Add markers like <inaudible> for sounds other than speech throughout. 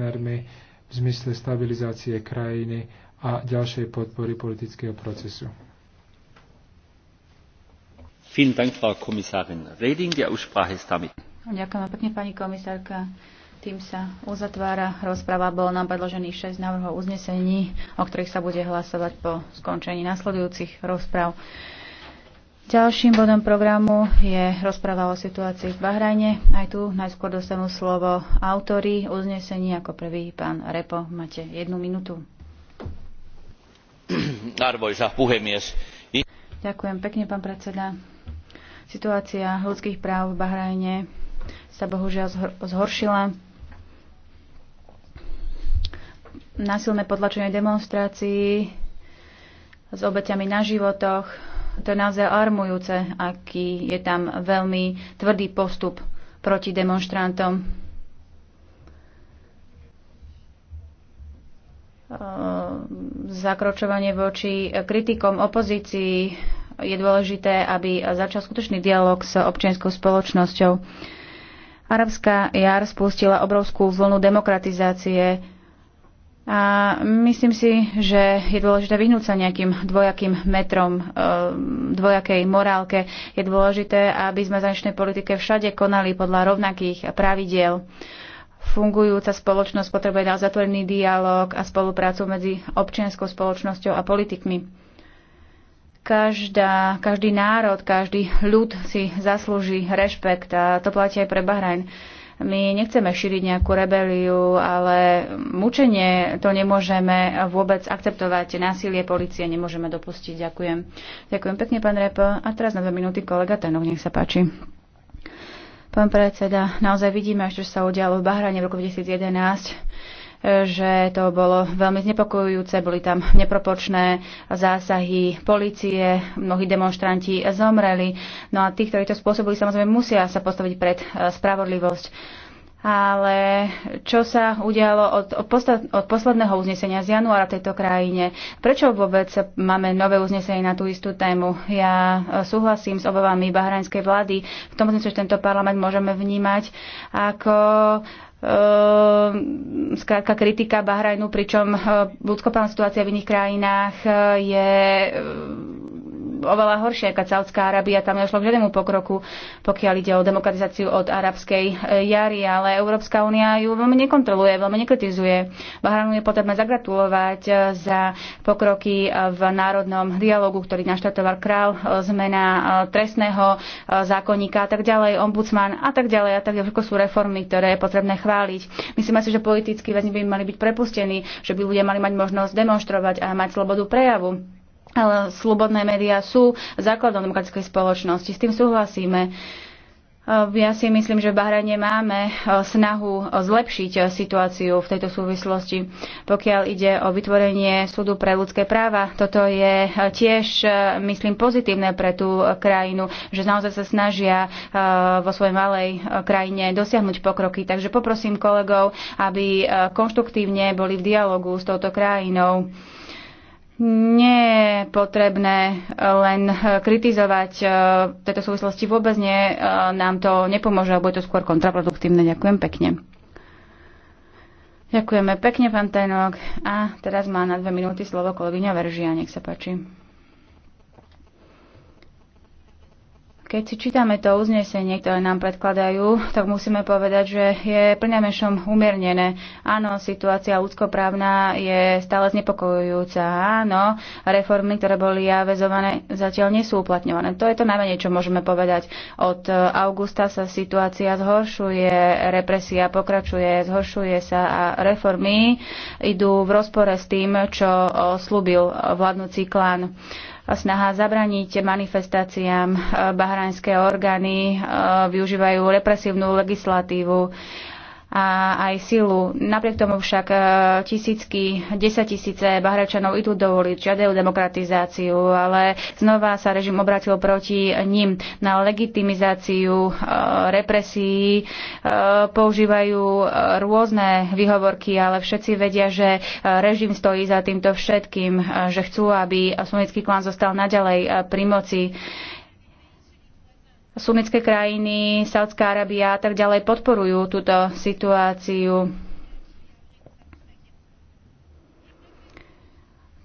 partnermi v zmysle stabilizácie krajiny a ďalšej podpory politického procesu. Ďakujem pekne, pani komisárka. Tým sa uzatvára rozpráva. Bolo nám predložených 6 návrhov uznesení, o ktorých sa bude hlasovať po skončení nasledujúcich rozpráv. Ďalším bodom programu je rozpráva o situácii v Bahrajne. Aj tu najskôr dostanú slovo autory uznesení ako prvý pán Repo. Máte jednu minútu. <clears throat> Arvoisa puhemies. Ďakujem pekne, pán predseda. Situácia ľudských práv v Bahrajne sa bohužiaľ zhoršila. Násilné potlačenie demonstrácií s obeťami na životoch, to je naozaj armujúce, aký je tam veľmi tvrdý postup proti demonstrantom. Ehm, zakročovanie voči kritikom opozícii je dôležité, aby začal skutočný dialog s občianskou spoločnosťou. Arabská jar spustila obrovskú vlnu demokratizácie a myslím si, že je dôležité vyhnúť sa nejakým dvojakým metrom, e, dvojakej morálke. Je dôležité, aby sme zahraničnej politike všade konali podľa rovnakých pravidiel. Fungujúca spoločnosť potrebuje na zatvorený dialog a spoluprácu medzi občianskou spoločnosťou a politikmi. Každá, každý národ, každý ľud si zaslúži rešpekt a to platí aj pre Bahrajn my nechceme šíriť nejakú rebeliu, ale mučenie to nemôžeme vôbec akceptovať. Násilie policie nemôžeme dopustiť. Ďakujem. Ďakujem pekne, pán Repo. A teraz na dve minúty kolega Tenov, nech sa páči. Pán predseda, naozaj vidíme, čo sa udialo v Bahrane v roku 2011 že to bolo veľmi znepokojujúce, boli tam nepropočné zásahy policie, mnohí demonstranti zomreli. No a tí, ktorí to spôsobili, samozrejme musia sa postaviť pred e, spravodlivosť. Ale čo sa udialo od, od, posta, od posledného uznesenia z januára v tejto krajine? Prečo vôbec máme nové uznesenie na tú istú tému? Ja e, súhlasím s obavami bahrajnskej vlády v tom, že tento parlament môžeme vnímať ako Ehm, skrátka kritika Bahrajnu, pričom eh, ľudskoprávna situácia v iných krajinách eh, je oveľa horšie ako Saudská Arábia. Tam nešlo k žiadnemu pokroku, pokiaľ ide o demokratizáciu od arabskej jary, ale Európska únia ju veľmi nekontroluje, veľmi nekritizuje. Bahranu je potrebné zagratulovať eh, za pokroky eh, v národnom dialogu, ktorý naštartoval král, eh, zmena trestného zákonníka a tak ďalej, ombudsman a tak ďalej a tak ďalej. Všetko sú reformy, ktoré je potrebné chváliť. Myslíme si, že politickí väzni by mali byť prepustení, že by ľudia mali mať možnosť demonstrovať a mať slobodu prejavu slobodné médiá sú základom demokratickej spoločnosti. S tým súhlasíme. Ehm, ja si myslím, že v Bahrajne máme e, snahu e, zlepšiť e, situáciu v tejto súvislosti. Pokiaľ ide o vytvorenie súdu pre ľudské práva, toto je tiež, myslím, pozitívne pre tú krajinu, že naozaj sa snažia vo svojej malej krajine dosiahnuť pokroky. Takže poprosím kolegov, aby konštruktívne boli v dialogu s touto krajinou. Nie je potrebné eh, len eh, kritizovať eh, v tejto súvislosti vôbec nie. Nám to nepomôže, alebo je to skôr kontraproduktívne. Ďakujem pekne. Ďakujeme pekne, pán Tenok. A teraz má na dve minúty slovo kolegyňa Veržia. Nech sa páči. Keď si čítame to uznesenie, ktoré nám predkladajú, tak musíme povedať, že je plnamešom umiernené. Áno, situácia ľudskoprávna je stále znepokojujúca. Áno, reformy, ktoré boli avezované, zatiaľ nie sú uplatňované. To je to najmenej, čo môžeme povedať. Od e, augusta sa situácia zhoršuje, represia pokračuje, zhoršuje sa a reformy idú v rozpore s tým, čo e, slúbil e, vládnúci klán snaha zabraniť manifestáciám. Eh, Bahrajnské orgány eh, využívajú represívnu legislatívu a aj silu. Napriek tomu však e, tisícky, desaťtisíce Bahrečanov idú dovoliť, žiadajú demokratizáciu, ale znova sa režim obratil proti ním na legitimizáciu e, represí, e, používajú rôzne vyhovorky, ale všetci vedia, že režim stojí za týmto všetkým, že chcú, aby slovenský klán zostal naďalej pri moci sumické krajiny, Saudská Arábia a tak ďalej podporujú túto situáciu.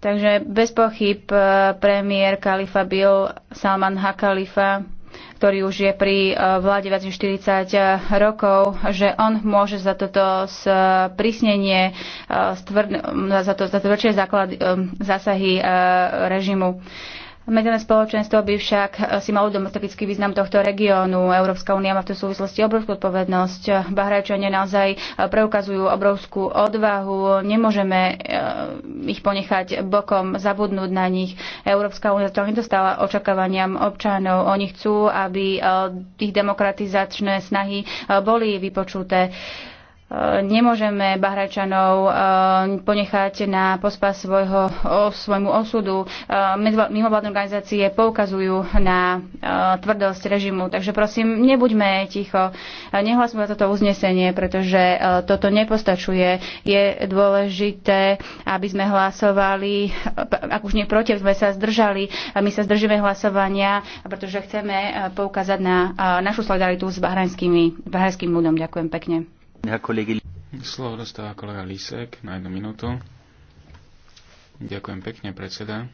Takže bez pochyb eh, premiér Kalifa Bill Salman Ha-Khalifa, ktorý už je pri eh, vláde viac než 40 eh, rokov, že on môže za toto sprísnenie, za to, za to väčšie zásahy režimu. Medzinárodné spoločenstvo by však eh, si malo demokratický význam tohto regiónu. Európska únia má v tej súvislosti obrovskú odpovednosť. Bahrajčania naozaj eh, preukazujú obrovskú odvahu. Nemôžeme eh, ich ponechať bokom, zabudnúť na nich. Európska únia to nedostala očakávaniam občanov. Oni chcú, aby ich demokratizačné snahy boli vypočuté nemôžeme Bahrajčanov e, ponechať na pospa svojho, svojmu osudu. E, mimovládne organizácie poukazujú na e, tvrdosť režimu, takže prosím, nebuďme ticho, nehlasme toto uznesenie, pretože toto nepostačuje. Je dôležité, aby sme hlasovali, ak už nie proti, sme sa zdržali, my sa zdržíme hlasovania, pretože chceme poukázať na našu solidaritu s bahrajským ľudom. Ďakujem pekne. Slovo dostáva kolega Lísek na jednu minútu. Ďakujem pekne, predseda.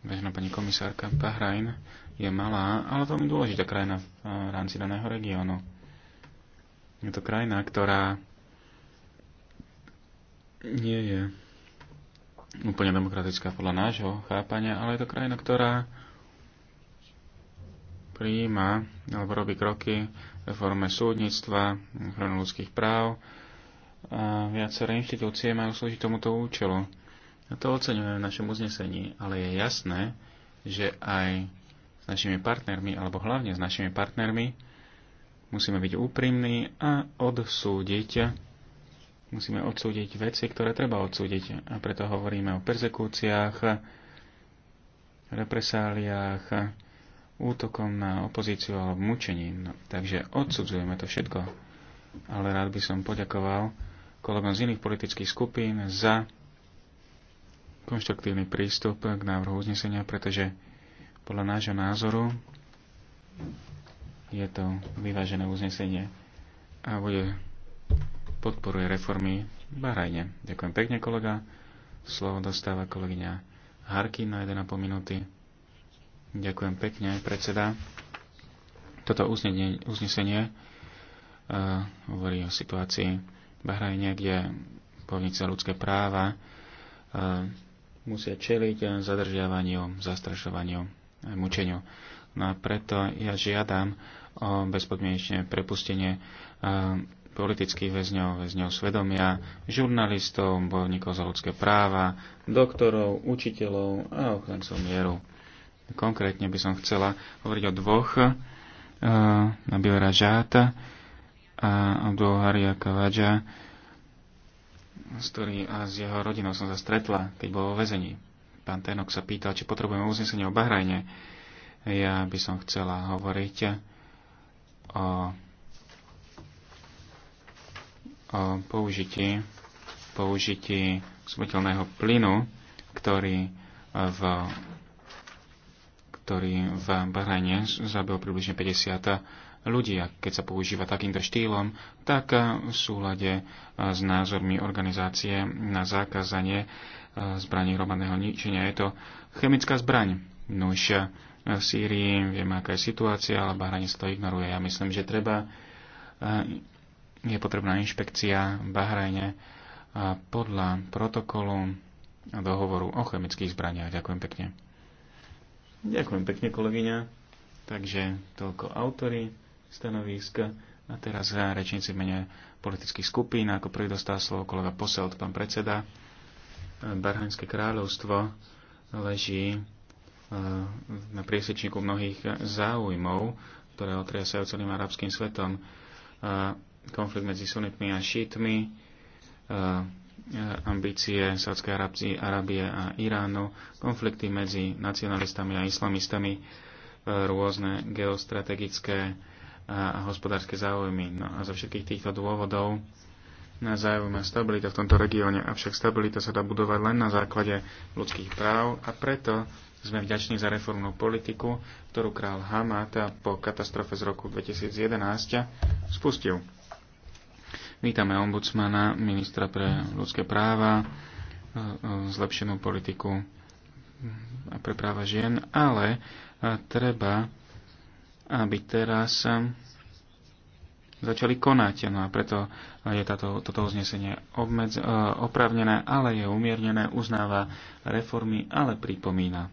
Vážená pani komisárka, Bahrajn je malá, ale veľmi dôležitá krajina eh, v rámci daného regiónu. Je to krajina, ktorá nie je úplne demokratická podľa nášho chápania, ale je to krajina, ktorá prijíma alebo robí kroky v forme súdnictva, ochrany ľudských práv. A viaceré inštitúcie majú slúžiť tomuto účelu. A to oceňujeme v našom uznesení, ale je jasné, že aj s našimi partnermi, alebo hlavne s našimi partnermi, musíme byť úprimní a odsúdiť musíme odsúdiť veci, ktoré treba odsúdiť. A preto hovoríme o persekúciách, represáliách, útokom na opozíciu alebo mučením. No, takže odsudzujeme to všetko. Ale rád by som poďakoval kolegom z iných politických skupín za konštruktívny prístup k návrhu uznesenia, pretože podľa nášho názoru je to vyvážené uznesenie a bude podporuje reformy Bahrajne. Ďakujem pekne, kolega. Slovo dostáva kolegyňa Harky na 1,5 minúty. Ďakujem pekne, predseda. Toto uznesenie, uh, hovorí o situácii v Bahrajne, kde povnice ľudské práva uh, musia čeliť zadržiavaniu, zastrašovaniu, mučeniu. No a preto ja žiadam o bezpodmienečné prepustenie uh, politických väzňov, väzňov svedomia, žurnalistov, bojovníkov za ľudské práva, doktorov, učiteľov a ochrancov mieru. Konkrétne by som chcela hovoriť o dvoch, uh, eh, Nabil Ražáta a Abdul Haria Kavadža, s ktorým a s jeho rodinou som sa stretla, keď bol vo väzení. Pán Tenok sa pýtal, či potrebujeme uznesenie o Bahrajne. Ja by som chcela hovoriť o, o použití, použití smrteľného plynu, ktorý eh, v ktorý v Bahrajne zabil približne 50 ľudí. A keď sa používa takýmto štýlom, tak v súlade s názormi organizácie na zákazanie eh, zbraní hromadného ničenia je to chemická zbraň. Nuž eh, v Sýrii vieme, aká je situácia, ale sa to ignoruje. Ja myslím, že treba eh, je potrebná inšpekcia v Bahrajne podľa protokolu a dohovoru o chemických zbraniach. Ďakujem pekne. Ďakujem pekne, kolegyňa. Takže toľko autory stanoviska. A teraz rečníci v mene politických skupín, ako prvý dostal slovo kolega Poselt, pán predseda. Barhaňské kráľovstvo leží e, na priesečníku mnohých záujmov, ktoré otriasajú celým arabským svetom. E, konflikt medzi sunitmi a šítmi, e, E, ambície Sádskej Arábie a Iránu, konflikty medzi nacionalistami a islamistami, e, rôzne geostrategické a hospodárske záujmy. No a zo všetkých týchto dôvodov na záujme stabilita v tomto regióne. Avšak stabilita sa dá budovať len na základe ľudských práv a preto sme vďační za reformnú politiku, ktorú král Hamata po katastrofe z roku 2011 spustil. Vítame ombudsmana, ministra pre ľudské práva, e, e, zlepšenú politiku a pre práva žien, ale e, treba, aby teraz začali konať. No a preto je táto, toto uznesenie obmedz, opravnené, ale je umiernené, uznáva reformy, ale pripomína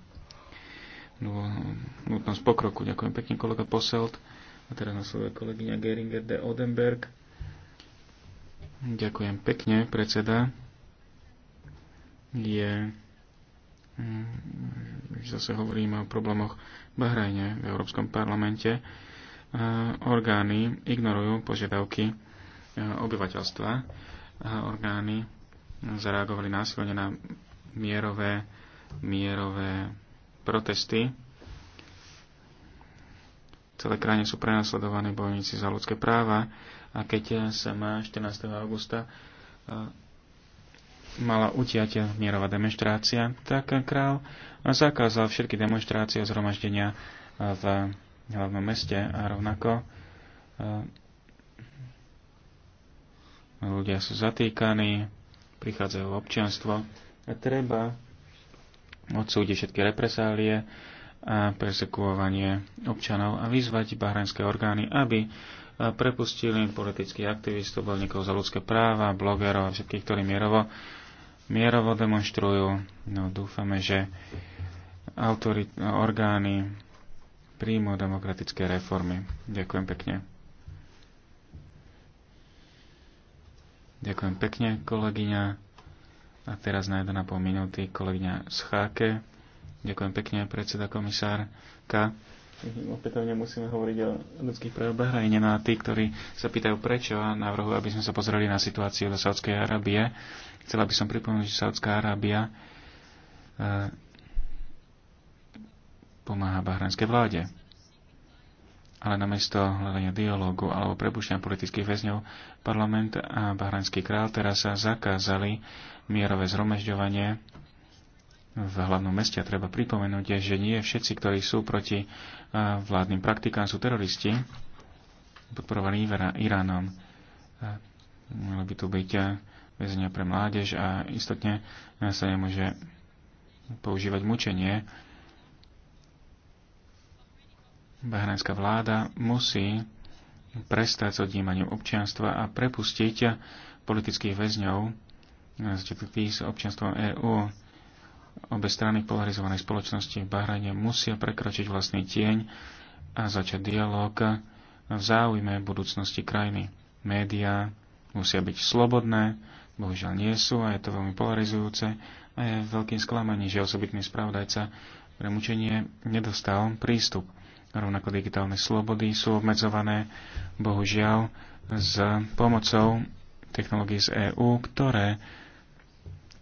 nutnosť pokroku. Ďakujem pekne, kolega Poselt. A teraz nasleduje kolegyňa Geringer de Odenberg. Ďakujem pekne, predseda. Je, mm, zase hovoríme o problémoch v Bahrajne v Európskom parlamente. Orgány ignorujú požiadavky e, obyvateľstva a orgány zareagovali násilne na mierové, mierové protesty. V celé krajine sú prenasledovaní bojníci za ľudské práva a keď sa má 14. augusta e, mala utiať mierová demonstrácia, tak král zakázal všetky demonstrácie a zhromaždenia e, v hlavnom meste a rovnako e, ľudia sú zatýkaní, prichádzajú občianstvo a treba odsúdiť všetky represálie a persekuovanie občanov a vyzvať bahrajnské orgány, aby prepustili politických aktivistov, bojovníkov za ľudské práva, blogerov a všetkých, ktorí mierovo, mierovo demonstrujú. No, dúfame, že autori, orgány príjmu demokratické reformy. Ďakujem pekne. Ďakujem pekne, kolegyňa. A teraz na 1,5 minúty kolegyňa Scháke. Ďakujem pekne, predseda komisárka. Mhm, opätovne musíme hovoriť o ľudských právach Bahrajne. na no a tí, ktorí sa pýtajú prečo a navrhujú, aby sme sa pozreli na situáciu do Saudskej Arábie, chcela by som pripomenúť, že Saudská Arábia e, pomáha bahrajnskej vláde. Ale namiesto hľadania dialógu alebo prepušťania politických väzňov, parlament a bahrajnský král teraz sa zakázali mierové zhromažďovanie v hlavnom meste. A treba pripomenúť, že nie všetci, ktorí sú proti e, vládnym praktikám, sú teroristi, podporovaní Iránom. E, malo by tu byť e, väzenia pre mládež a istotne sa nemôže používať mučenie. Bahrajnská vláda musí prestať s odnímaním občianstva a prepustiť politických väzňov z občianstvom EÚ Obe strany polarizovanej spoločnosti v Bahrajne musia prekročiť vlastný tieň a začať dialog v záujme budúcnosti krajiny. Média musia byť slobodné, bohužiaľ nie sú a je to veľmi polarizujúce a je veľkým sklamaním, že osobitný spravodajca pre mučenie nedostal prístup. Rovnako digitálne slobody sú obmedzované, bohužiaľ, s pomocou technológií z EÚ, ktoré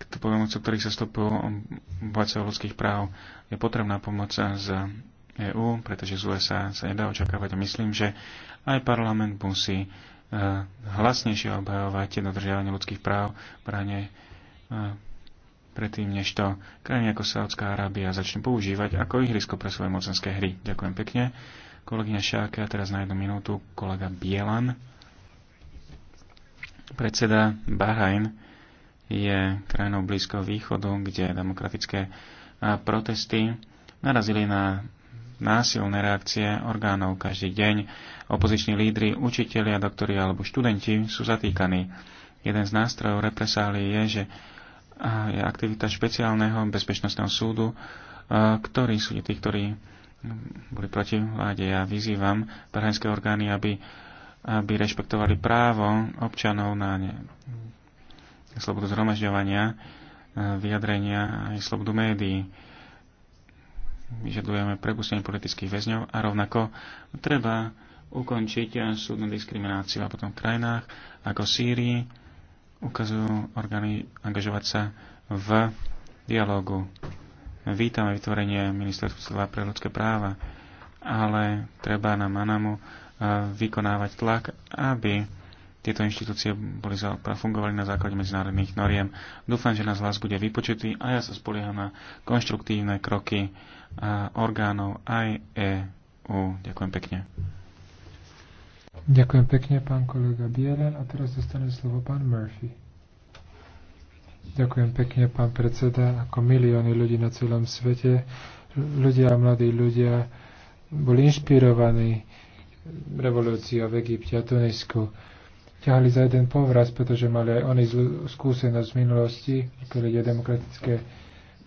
pomoc, ktorých sa stopujú obhajcov ľudských práv. Je potrebná pomoc z EÚ, pretože z USA sa nedá očakávať a myslím, že aj parlament musí e, hlasnejšie obhajovať dodržiavanie ľudských práv, bráne e, predtým, než to krajiny ako Saudská Arábia začne používať ako ihrisko pre svoje mocenské hry. Ďakujem pekne. Kolegyňa Šáka, teraz na jednu minútu kolega Bielan, predseda Bahrain je krajinou Blízkoho východu, kde demokratické protesty narazili na násilné reakcie orgánov každý deň. Opoziční lídry, učitelia, doktori alebo študenti sú zatýkaní. Jeden z nástrojov represálie je, že je aktivita špeciálneho bezpečnostného súdu, ktorý sú tí, ktorí boli proti vláde. Ja vyzývam prahenské orgány, aby, aby rešpektovali právo občanov na slobodu zhromažďovania, e, vyjadrenia aj slobodu médií. Vyžadujeme prepustenie politických väzňov a rovnako treba ukončiť súdnu diskrimináciu a potom v krajinách ako Sýrii ukazujú orgány angažovať sa v dialogu. Vítame vytvorenie ministerstva pre ľudské práva, ale treba na Manamu e, vykonávať tlak, aby tieto inštitúcie boli za, fungovali na základe medzinárodných noriem. Dúfam, že nás hlas bude vypočutý a ja sa spolieham na konštruktívne kroky orgánov aj EU. Ďakujem pekne. Ďakujem pekne, pán kolega Bielen. A teraz dostane slovo pán Murphy. Ďakujem pekne, pán predseda. Ako milióny ľudí na celom svete, ľudia a mladí ľudia boli inšpirovaní revolúciou v Egypte a Tunisku ťahali za jeden povraz, pretože mali aj oni zlú skúsenosť z minulosti, pokiaľ je demokratické,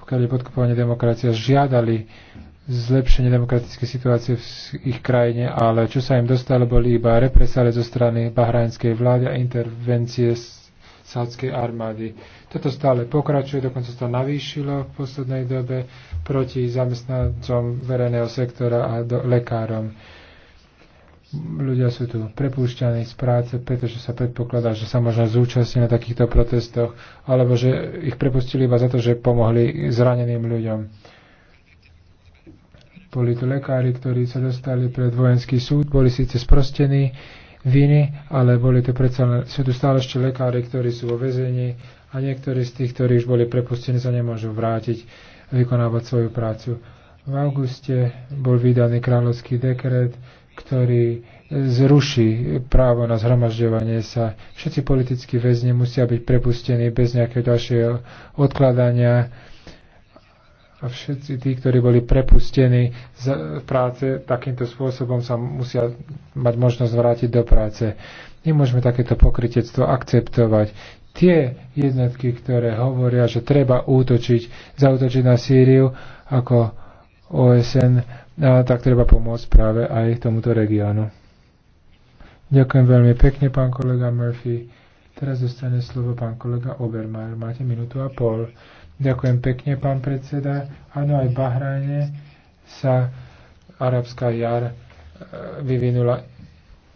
pokiaľ je podkupovanie demokracia, žiadali zlepšenie demokratickej situácie v ich krajine, ale čo sa im dostalo, boli iba represále zo strany bahrajnskej vlády a intervencie z sádskej armády. Toto stále pokračuje, dokonca sa to navýšilo v poslednej dobe proti zamestnancom verejného sektora a do, lekárom ľudia sú tu prepúšťaní z práce, pretože sa predpokladá, že sa možno zúčastní na takýchto protestoch, alebo že ich prepustili iba za to, že pomohli zraneným ľuďom. Boli tu lekári, ktorí sa dostali pred vojenský súd, boli síce sprostení viny, ale boli tu predsa, sú tu stále ešte lekári, ktorí sú vo väzení a niektorí z tých, ktorí už boli prepustení, sa nemôžu vrátiť vykonávať svoju prácu. V auguste bol vydaný kráľovský dekret, ktorý zruší právo na zhromažďovanie sa. Všetci politickí väzni musia byť prepustení bez nejakého ďalšieho odkladania a všetci tí, ktorí boli prepustení z práce, takýmto spôsobom sa musia mať možnosť vrátiť do práce. Nemôžeme takéto pokritectvo akceptovať. Tie jednotky, ktoré hovoria, že treba útočiť, zautočiť na Sýriu, ako OSN, a tak treba pomôcť práve aj tomuto regiónu. Ďakujem veľmi pekne, pán kolega Murphy. Teraz zostane slovo pán kolega Obermeier. Máte minútu a pol. Ďakujem pekne, pán predseda. Áno, aj v Bahrajne sa arabská jar e, vyvinula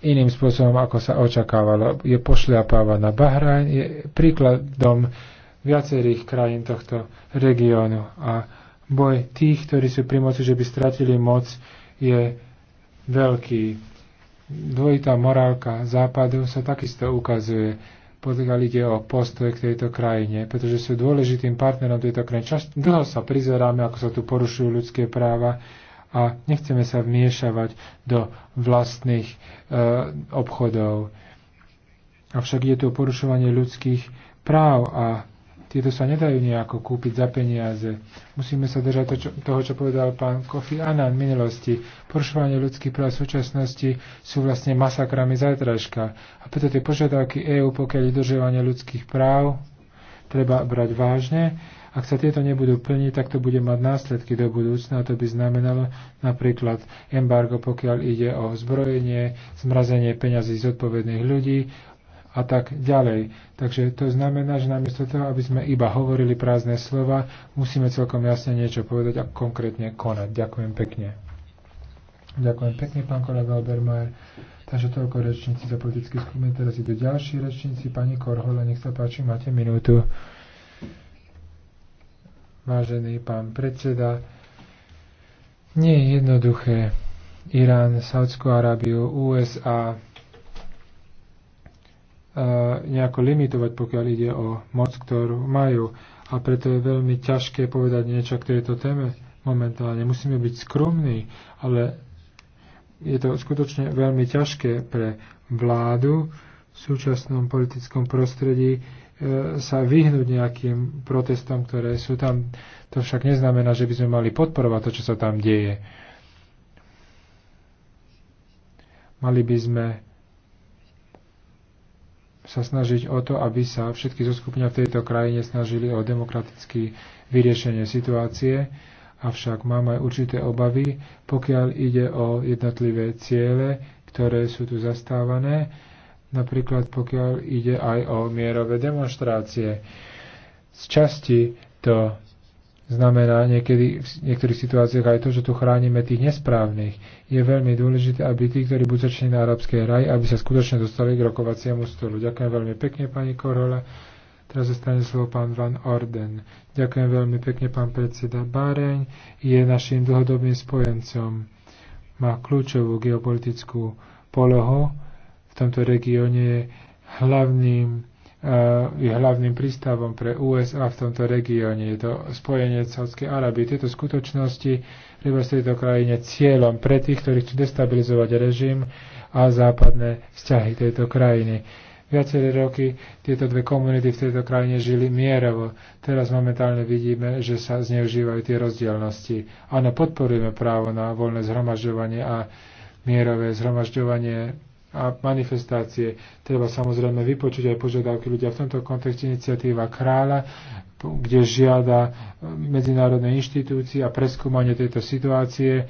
iným spôsobom, ako sa očakávalo. Je pošliapáva na Bahrajn, je príkladom viacerých krajín tohto regiónu a Boj tých, ktorí sú pri moci, že by stratili moc, je veľký. Dvojitá morálka západu sa takisto ukazuje, pokiaľ ide o postoj k tejto krajine, pretože sú dôležitým partnerom tejto krajiny. Čas, dlho sa prizeráme, ako sa tu porušujú ľudské práva a nechceme sa vmiešavať do vlastných e, obchodov. Avšak je tu porušovanie ľudských práv a tieto sa nedajú nejako kúpiť za peniaze. Musíme sa držať to, čo, toho, čo povedal pán Kofi Annan v minulosti. Porušovanie ľudských práv v súčasnosti sú vlastne masakrami zajtražka. A preto tie požiadavky EÚ, pokiaľ dodržiavanie ľudských práv, treba brať vážne. Ak sa tieto nebudú plniť, tak to bude mať následky do budúcna. To by znamenalo napríklad embargo, pokiaľ ide o zbrojenie, zmrazenie peňazí zodpovedných ľudí a tak ďalej. Takže to znamená, že namiesto toho, aby sme iba hovorili prázdne slova, musíme celkom jasne niečo povedať a konkrétne konať. Ďakujem pekne. Ďakujem pekne, pán kolega Obermajer. Takže toľko rečníci za politický skupiny. Teraz idú ďalší rečníci. Pani Korhola, nech sa páči, máte minútu. Vážený pán predseda, nie je jednoduché Irán, Saudskú Arábiu, USA nejako limitovať, pokiaľ ide o moc, ktorú majú. A preto je veľmi ťažké povedať niečo k tejto téme momentálne. Musíme byť skromní, ale je to skutočne veľmi ťažké pre vládu v súčasnom politickom prostredí e, sa vyhnúť nejakým protestom, ktoré sú tam. To však neznamená, že by sme mali podporovať to, čo sa tam deje. Mali by sme sa snažiť o to, aby sa všetky zoskupňa v tejto krajine snažili o demokratické vyriešenie situácie, avšak mám aj určité obavy, pokiaľ ide o jednotlivé ciele, ktoré sú tu zastávané, napríklad pokiaľ ide aj o mierové demonstrácie. Z časti to znamená niekedy v niektorých situáciách aj to, že tu chránime tých nesprávnych. Je veľmi dôležité, aby tí, ktorí budú začali na arabskej raj, aby sa skutočne dostali k rokovaciemu stolu. Ďakujem veľmi pekne, pani Korola. Teraz zostane slovo pán Van Orden. Ďakujem veľmi pekne, pán predseda. Báreň je našim dlhodobým spojencom. Má kľúčovú geopolitickú polohu. V tomto regióne je hlavným je hlavným prístavom pre USA v tomto regióne. Je to spojenie Sádskej Arabie, Tieto skutočnosti treba v tejto krajine cieľom pre tých, ktorí chcú destabilizovať režim a západné vzťahy tejto krajiny. Viaceré roky tieto dve komunity v tejto krajine žili mierovo. Teraz momentálne vidíme, že sa zneužívajú tie rozdielnosti. Áno, podporujeme právo na voľné zhromažďovanie a mierové zhromažďovanie a manifestácie. Treba samozrejme vypočuť aj požiadavky ľudia. V tomto kontexte iniciatíva kráľa, kde žiada medzinárodné inštitúcie a preskúmanie tejto situácie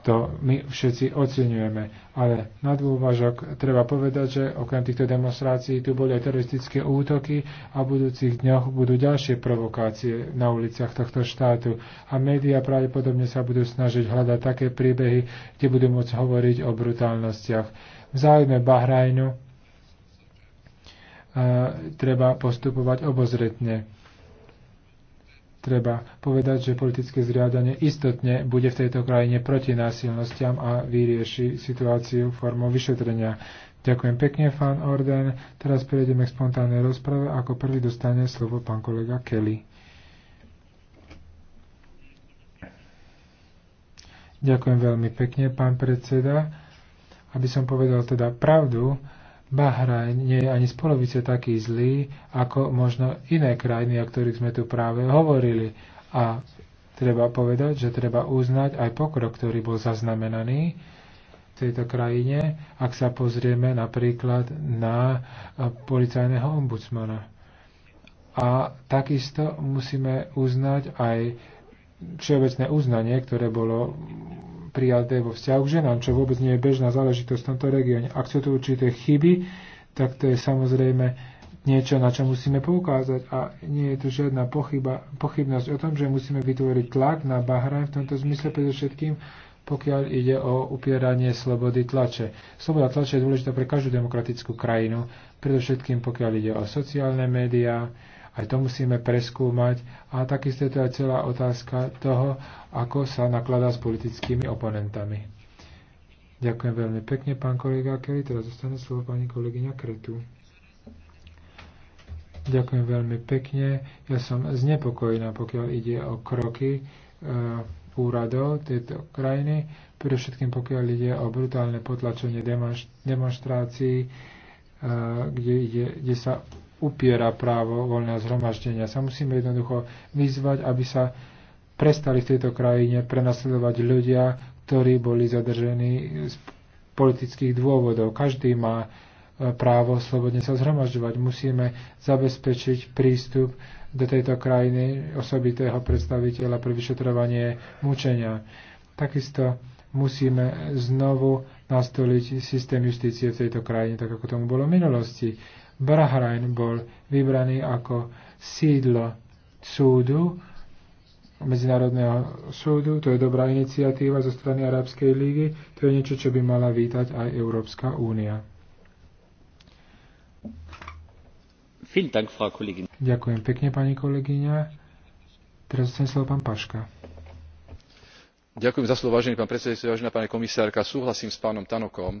to my všetci oceňujeme. Ale na dôvažok treba povedať, že okrem týchto demonstrácií tu boli aj teroristické útoky a v budúcich dňoch budú ďalšie provokácie na uliciach tohto štátu. A médiá pravdepodobne sa budú snažiť hľadať také príbehy, kde budú môcť hovoriť o brutálnostiach. V záujme Bahrajnu e, treba postupovať obozretne treba povedať, že politické zriadanie istotne bude v tejto krajine proti násilnostiam a vyrieši situáciu formou vyšetrenia. Ďakujem pekne, pán Orden. Teraz prejdeme k spontánnej rozprave. Ako prvý dostane slovo pán kolega Kelly. Ďakujem veľmi pekne, pán predseda. Aby som povedal teda pravdu, Bahra nie je ani z polovice taký zlý, ako možno iné krajiny, o ktorých sme tu práve hovorili. A treba povedať, že treba uznať aj pokrok, ktorý bol zaznamenaný v tejto krajine, ak sa pozrieme napríklad na policajného ombudsmana. A takisto musíme uznať aj všeobecné uznanie, ktoré bolo prijaté vo vzťahu k ženám, čo vôbec nie je bežná záležitosť v tomto regióne. Ak sú tu určité chyby, tak to je samozrejme niečo, na čo musíme poukázať. A nie je tu žiadna pochyba, pochybnosť o tom, že musíme vytvoriť tlak na Bahrajn v tomto zmysle predovšetkým, pokiaľ ide o upieranie slobody tlače. Sloboda tlače je dôležitá pre každú demokratickú krajinu, predovšetkým pokiaľ ide o sociálne médiá, aj to musíme preskúmať a takisto je to aj celá otázka toho, ako sa nakladá s politickými oponentami. Ďakujem veľmi pekne, pán kolega Kelly. Teraz zostane slovo pani kolegyňa Kretu. Ďakujem veľmi pekne. Ja som znepokojená, pokiaľ ide o kroky e, úradov tejto krajiny, predovšetkým pokiaľ ide o brutálne potlačenie demonstrácií, e, kde, ide, kde sa upiera právo voľného zhromaždenia. Sa musíme jednoducho vyzvať, aby sa prestali v tejto krajine prenasledovať ľudia, ktorí boli zadržení z politických dôvodov. Každý má e, právo slobodne sa zhromažďovať. Musíme zabezpečiť prístup do tejto krajiny osobitého predstaviteľa pre vyšetrovanie mučenia. Takisto musíme znovu nastoliť systém justície v tejto krajine, tak ako tomu bolo v minulosti. Bahrajn bol vybraný ako sídlo súdu, Medzinárodného súdu. To je dobrá iniciatíva zo strany Arabskej lígy. To je niečo, čo by mala vítať aj Európska únia. Ďakujem pekne, pani kolegyňa. Teraz chcem slovo pán Paška. Ďakujem za slovo, vážený pán predsedajúci, vážená pani komisárka. Súhlasím s pánom Tanokom,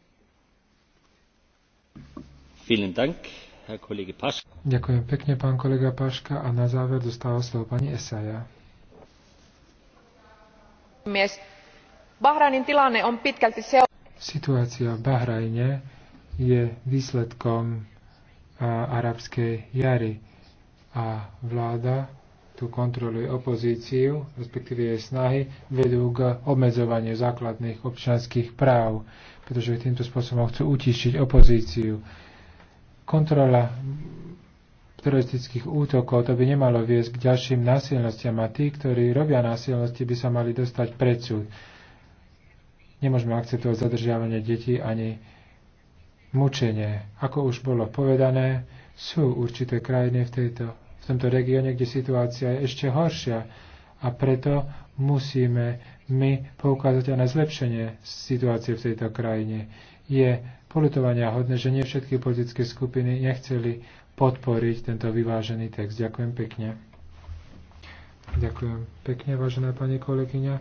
Ďakujem pekne, pán kolega Paška. A na záver dostáva slovo pani Esaja. Situácia v Bahrajne je výsledkom arabskej jary a vláda tu kontroluje opozíciu, respektíve jej snahy, vedú k obmedzovaniu základných občanských práv, pretože týmto spôsobom chcú utišiť opozíciu. Kontrola teroristických útokov, to by nemalo viesť k ďalším násilnostiam a tí, ktorí robia násilnosti, by sa mali dostať pred súd. Nemôžeme akceptovať zadržiavanie detí ani mučenie. Ako už bolo povedané, sú určité krajiny v, tejto, v tomto regióne, kde situácia je ešte horšia a preto musíme my poukázať aj na zlepšenie situácie v tejto krajine. Je politovania hodné, že nie všetky politické skupiny nechceli podporiť tento vyvážený text. Ďakujem pekne. Ďakujem pekne, vážená pani kolegyňa.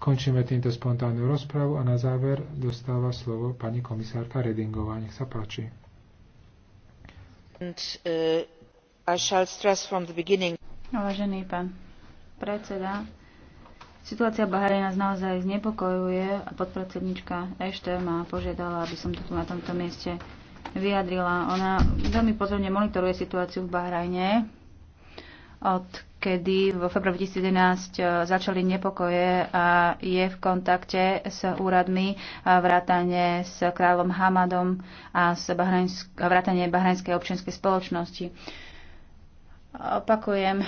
Končíme týmto spontánnu rozpravu a na záver dostáva slovo pani komisárka Redingová. Nech sa páči. And, uh, Vážený pán predseda, Situácia Bahrajna nás naozaj znepokojuje a podpredsednička Ešte ma požiadala, aby som to tu na tomto mieste vyjadrila. Ona veľmi pozorne monitoruje situáciu v Bahrajne, od kedy vo februári 2011 eh, začali nepokoje a je v kontakte s úradmi vrátane s kráľom Hamadom a s vrátane Bahrajnskej občianskej spoločnosti. Opakujem,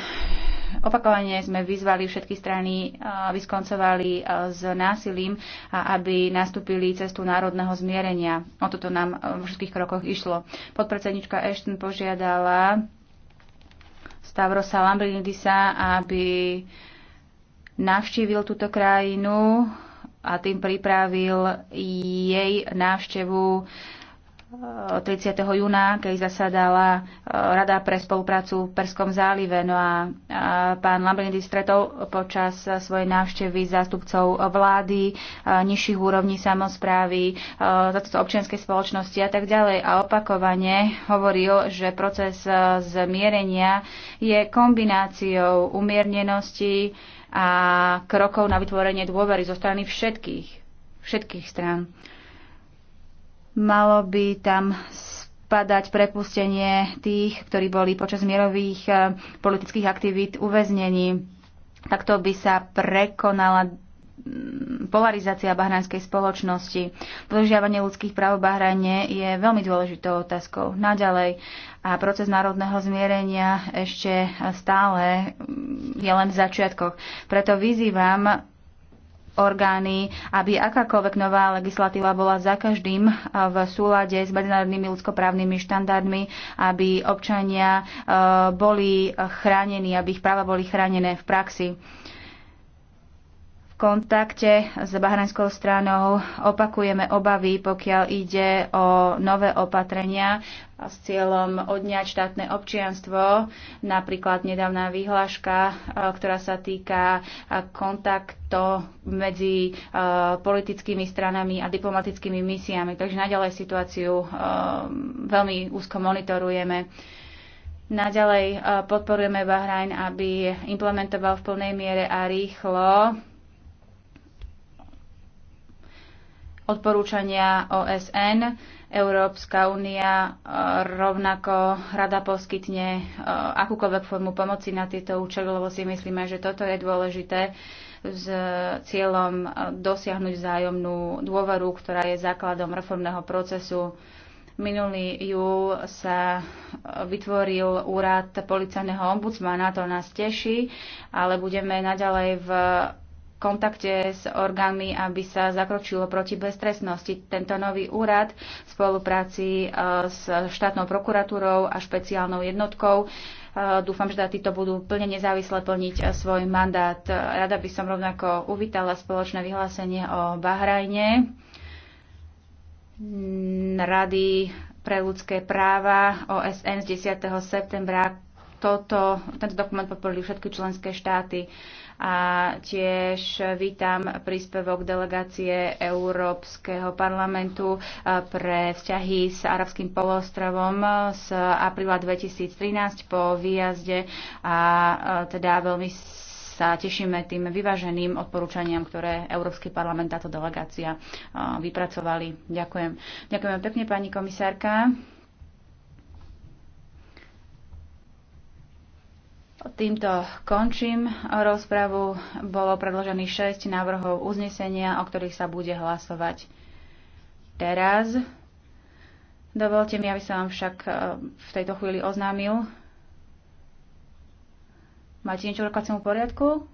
Opakovane sme vyzvali všetky strany, aby skoncovali s násilím a aby nastúpili cestu národného zmierenia. O toto nám e, vo všetkých krokoch išlo. Podpredsednička Ashton požiadala Stavrosa Lambrinidisa, aby navštívil túto krajinu a tým pripravil jej návštevu 30. júna, keď zasadala e, Rada pre spoluprácu v Perskom zálive. No a pán Lambrindy stretol počas svojej návštevy zástupcov vlády, e, nižších úrovní samozprávy, e, zástupcov občianskej spoločnosti a tak ďalej. A opakovane hovoril, že proces zmierenia je kombináciou umiernenosti a krokov na vytvorenie dôvery zo strany všetkých, všetkých strán. Malo by tam spadať prepustenie tých, ktorí boli počas mierových eh, politických aktivít uväznení. Takto by sa prekonala mm, polarizácia bahrajnskej spoločnosti. Dodržiavanie ľudských práv v Bahrajne je veľmi dôležitou otázkou. Naďalej a proces národného zmierenia ešte stále mm, je len v začiatkoch. Preto vyzývam orgány, aby akákoľvek nová legislatíva bola za každým eh, v súlade s medzinárodnými ľudskoprávnymi štandardmi, aby občania eh, boli chránení, aby ich práva boli chránené v praxi kontakte s bahrajnskou stranou opakujeme obavy, pokiaľ ide o nové opatrenia s cieľom odňať štátne občianstvo, napríklad nedávna výhľaška, e, ktorá sa týka e, kontakto medzi e, politickými stranami a diplomatickými misiami. Takže naďalej situáciu veľmi úzko monitorujeme. Naďalej podporujeme Bahrajn, aby implementoval v plnej miere a rýchlo odporúčania OSN. Európska únia e, rovnako rada poskytne e, akúkoľvek formu pomoci na tieto účely, lebo si myslíme, že toto je dôležité s cieľom e, dosiahnuť vzájomnú dôveru, ktorá je základom reformného procesu. Minulý júl sa vytvoril úrad policajného ombudsmana, to nás teší, ale budeme naďalej v kontakte s orgánmi, aby sa zakročilo proti beztresnosti. Tento nový úrad v spolupráci e, s štátnou prokuratúrou a špeciálnou jednotkou e, Dúfam, že títo budú plne nezávisle plniť e, svoj mandát. Rada by som rovnako uvítala spoločné vyhlásenie o Bahrajne Rady pre ľudské práva OSN z 10. septembra. Toto, tento dokument podporili všetky členské štáty a tiež vítam príspevok delegácie Európskeho parlamentu e, pre vzťahy s arabským polostrovom z apríla 2013 po výjazde a e, teda veľmi sa tešíme tým vyváženým odporúčaniam, ktoré Európsky parlament táto delegácia e, vypracovali. Ďakujem. Ďakujem pekne, pani komisárka. Týmto končím rozpravu. Bolo predložených 6 návrhov uznesenia, o ktorých sa bude hlasovať teraz. Dovolte mi, aby som vám však e, v tejto chvíli oznámil. Máte niečo v rokovacom poriadku?